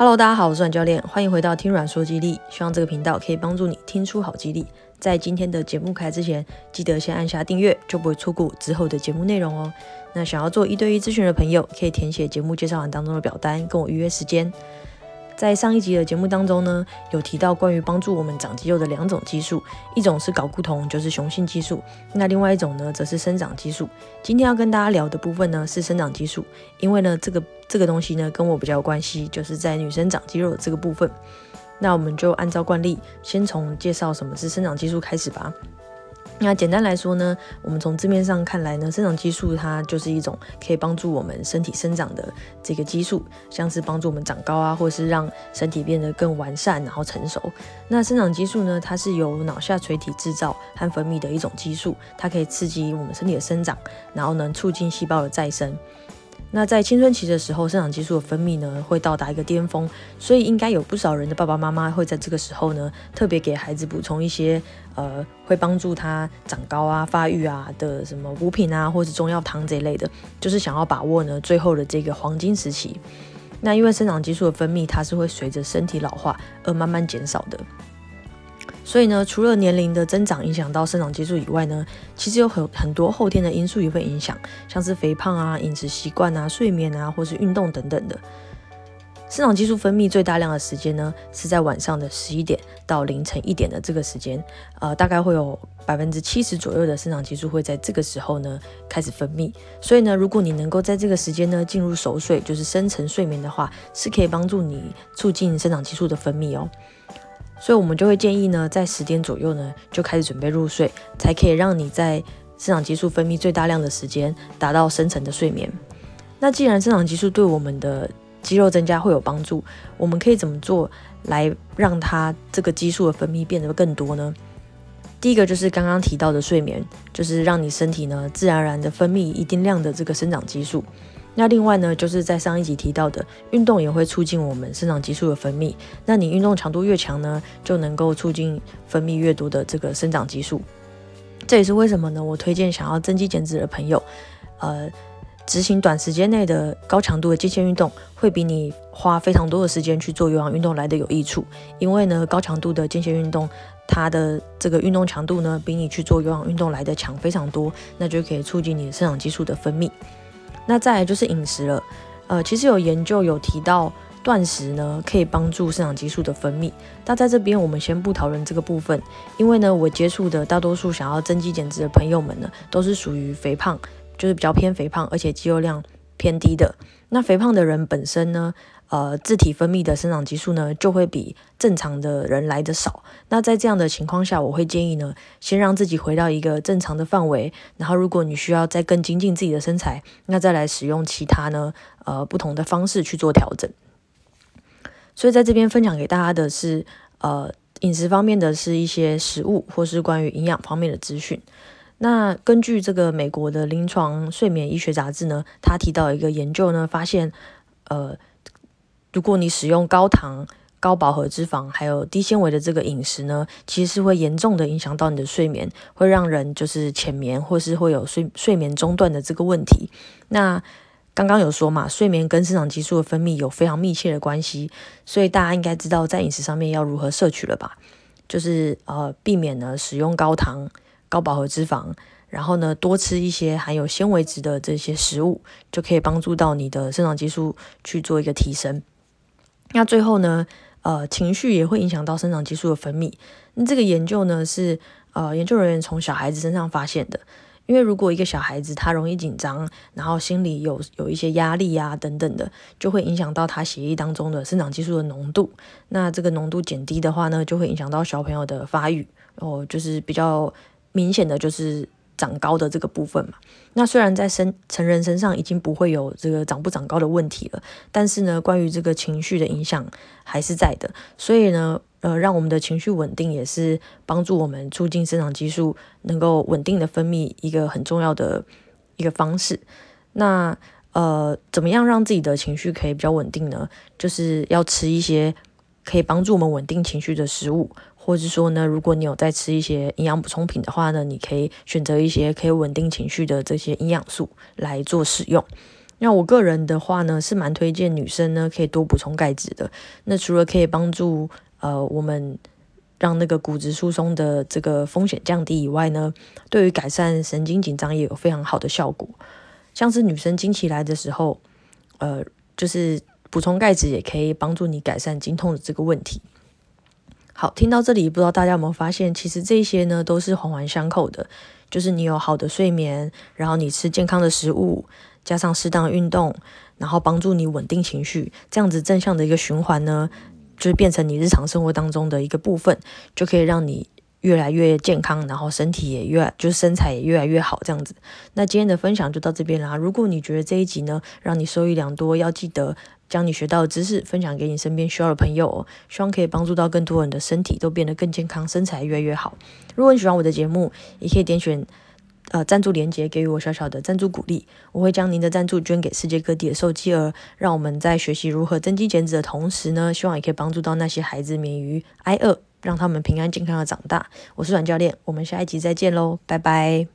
Hello，大家好，我是阮教練，歡迎回到聽阮說肌力。希望這個頻道可以幫助你聽出好肌力。在今天的節目開始之前，記得先按下訂閱，就不會錯過之後的節目內容哦。那想要做一對一諮詢的朋友，可以填寫節目介紹欄當中的表單，跟我預約時間。在上一集的節目當中呢，有提到關於幫助我們長肌肉的兩種激素，一種是睾固酮，就是雄性激素；那另外一種呢，則是生長激素。今天要跟大家聊的部分呢，是生長激素，因為呢，這個這個東西呢，跟我比較有關係，就是在女生長肌肉的這個部分。那我們就按照慣例，先從介紹什麼是生長激素開始吧。那簡單來說呢，我們從字面上看來呢，生長激素它就是一種可以幫助我們身體生長的這個激素，像是幫助我們長高啊，或是讓身體變得更完善，然後成熟。那生長激素呢，它是由腦下垂體制造和分泌的一種激素，它可以刺激我們身體的生長，然後呢，促進細胞的再生。那在青春期的時候，生長激素的分泌呢，會到達一個巔峰，所以應該有不少人的爸爸媽媽會在這個時候呢，特別給孩子補充一些呃會幫助他長高啊、發育啊的什麼補品啊，或者中藥湯這一類的，就是想要把握呢最後的這個黃金時期。那因為生長激素的分泌，它是會隨着身體老化而慢慢減少的。所以呢，除了年齡的增長影響到生長激素以外呢，其實有很很多後天的因素也會影響，像是肥胖啊、飲食習慣啊、睡眠啊，或是運動等等的。生長激素分泌最大量的時間呢，是在晚上的十一點到凌晨一點的這個時間，呃，大概會有百分之七十左右的生長激素會在這個時候呢開始分泌。所以呢，如果你能夠在這個時間呢進入熟睡，就是深層睡眠的話，是可以幫助你促進生長激素的分泌哦。所以，我們就會建議呢，在十點左右呢，就開始準備入睡，才可以讓你在生長激素分泌最大量的時間達到深層的睡眠。那既然生長激素對我們的肌肉增加會有幫助，我們可以怎麼做來讓它這個激素的分泌變得更多呢？第一個就是剛剛提到的睡眠，就是讓你身體呢自然而然的分泌一定量的這個生長激素。那另外呢，就是在上一集提到的，運動也會促進我們生長激素的分泌。那你運動強度越強呢，就能夠促進分泌越多的這個生長激素。這也是為什麼呢？我推薦想要增肌減脂的朋友，呃，執行短時間內的高強度的間歇運動，會比你花非常多的時間去做有氧運動來得有益處。因為呢，高強度的間歇運動，它的這個運動強度呢，比你去做有氧運動來得強非常多，那就可以促進你的生長激素的分泌。那再來就是飲食了，呃，其實有研究有提到斷食呢，可以幫助生長激素的分泌。那在這邊我們先不討論這個部分，因為呢，我接觸的大多數想要增肌減脂的朋友們呢，都是屬於肥胖，就是比較偏肥胖，而且肌肉量偏低的。那肥胖的人本身呢？呃，自體分泌的生長激素呢，就會比正常的人來得少。那在這樣的情況下，我會建議呢，先讓自己回到一個正常的範圍，然後如果你需要再更精進自己的身材，那再來使用其他呢，呃，不同的方式去做調整。所以在這邊分享給大家的是，呃，飲食方面的是一些食物，或是關於營養方面的資訊。那根據這個美國的臨床睡眠醫學雜誌呢，他提到一個研究呢，發現，呃。如果你使用高糖、高飽和脂肪，還有低纖維的這個飲食呢，其實是會嚴重的影響到你的睡眠，會讓人就是淺眠，或是會有睡睡眠中斷的這個問題。那剛剛有說嘛，睡眠跟生長激素的分泌有非常密切的關係，所以大家應該知道在飲食上面要如何攝取了吧？就是呃，避免呢使用高糖、高飽和脂肪，然後呢多吃一些含有纖維質的這些食物，就可以幫助到你的生長激素去做一個提升。那最後呢，呃，情緒也會影響到生長激素的分泌。那這個研究呢，是呃研究人員從小孩子身上發現的。因為如果一個小孩子他容易緊張，然後心裡有有一些壓力啊等等的，就會影響到他血液當中的生長激素的濃度。那這個濃度減低的話呢，就會影響到小朋友的發育。哦，就是比較明顯的就是。長高的這個部分嘛，那雖然在身成人身上已經不會有這個長不長高的問題了，但是呢，關於這個情緒的影響還是在的，所以呢，呃，讓我們的情緒穩定也是幫助我們促進生長激素能夠穩定的分泌一個很重要的一個方式。那呃，怎麼樣讓自己的情緒可以比較穩定呢？就是要吃一些。可以幫助我們穩定情緒的食物，或者是說呢，如果你有在吃一些營養補充品的話呢，你可以選擇一些可以穩定情緒的這些營養素來做使用。那我個人的話呢，是蠻推薦女生呢可以多補充鈣質的。那除了可以幫助呃我們讓那個骨質疏鬆的這個風險降低以外呢，對於改善神經緊張也有非常好的效果。像是女生經期來的時候，呃，就是。補充鈣質也可以幫助你改善經痛的這個問題。好，聽到這裡，不知道大家有沒有發現，其實這些呢都是環環相扣的。就是你有好的睡眠，然後你吃健康的食物，加上適當運動，然後幫助你穩定情緒，這樣子正向的一個循環呢，就是變成你日常生活當中的一個部分，就可以讓你越來越健康，然後身體也越就是身材也越來越好這樣子。那今天的分享就到這邊啦。如果你覺得這一集呢讓你受益良多，要記得。將你學到的知識分享給你身邊需要的朋友哦，希望可以幫助到更多人的身體都變得更健康，身材越來越好。如果你喜歡我的節目，也可以點選呃贊助連結給予我小小的贊助鼓勵，我會將您的贊助捐給世界各地的受飢兒，讓我們在學習如何增肌減脂的同時呢，希望也可以幫助到那些孩子免於挨餓，讓他們平安健康的長大。我是阮教練，我們下一集再見嘍，拜拜。